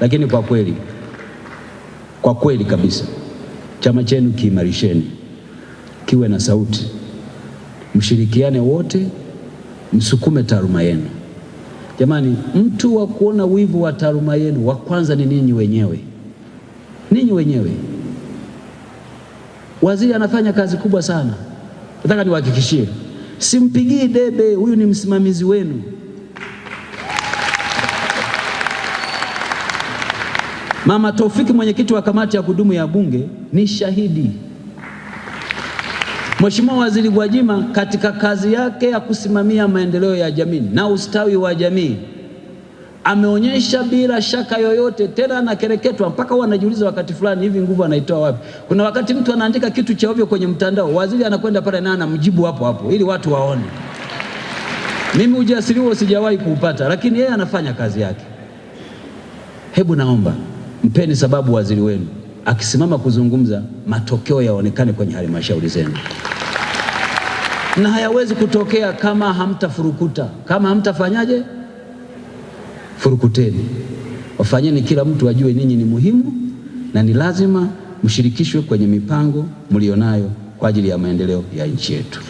Lakini kwa kweli, kwa kweli kabisa, chama chenu kiimarisheni, kiwe na sauti, mshirikiane wote, msukume taaluma yenu. Jamani, mtu wa kuona wivu wa taaluma yenu wa kwanza ni ninyi wenyewe, ninyi wenyewe. Waziri anafanya kazi kubwa sana, nataka niwahakikishie, simpigii debe. Huyu ni msimamizi wenu. Mama Taufiki, mwenyekiti wa kamati ya kudumu ya Bunge, ni shahidi. Mheshimiwa Waziri Gwajima katika kazi yake ya kusimamia maendeleo ya jamii na ustawi wa jamii ameonyesha bila shaka yoyote, tena anakereketwa mpaka wanajiuliza wakati fulani hivi nguvu anaitoa wapi? Kuna wakati mtu anaandika kitu cha ovyo kwenye mtandao, waziri anakwenda pale na anamjibu hapo hapo ili watu waone. Mimi ujasiri huo sijawahi kuupata, lakini yeye anafanya kazi yake. Hebu naomba Mpeni sababu waziri wenu akisimama kuzungumza, matokeo yaonekane kwenye halmashauri zenu, na hayawezi kutokea kama hamtafurukuta, kama hamtafanyaje, furukuteni, wafanyeni, kila mtu ajue ninyi ni muhimu na ni lazima mshirikishwe kwenye mipango mlionayo kwa ajili ya maendeleo ya nchi yetu.